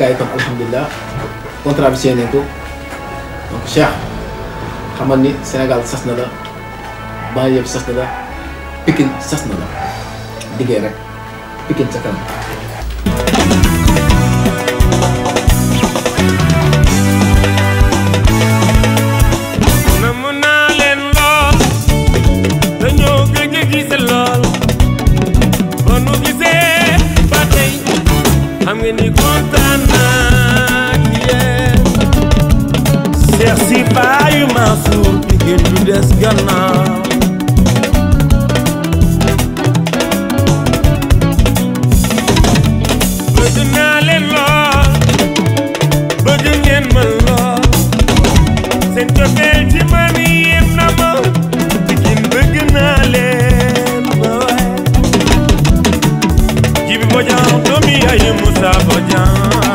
gaa yi tam alhamdulilah contrat bi signé nañ ko donc Cheikh xamal ni Sénégal sas na la banlieue yëpp sas na la Pikine sas na la liggéey rek Pikine sa kanam des gannaaw bëgg naa leen lool seen cofeel ci man yéem na ma bikin bëgg naa leen boy jibi bojang doomi ayi Musa bojang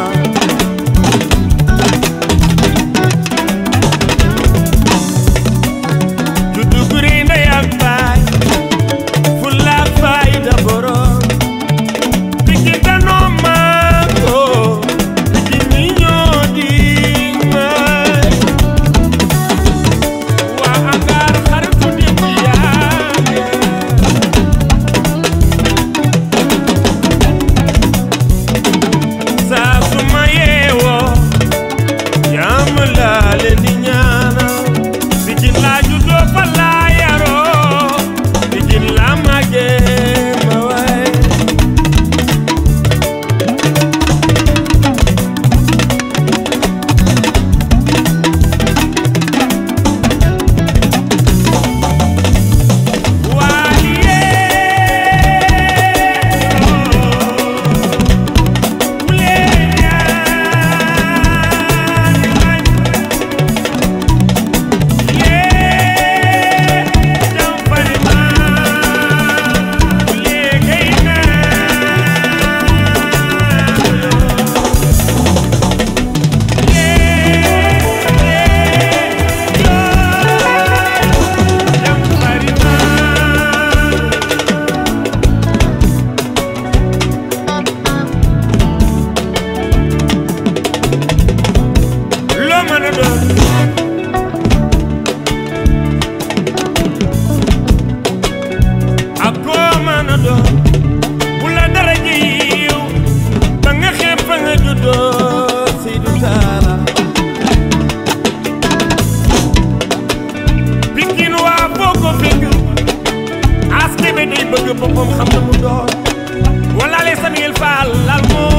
mu doon wala le Samuel Fall lal moo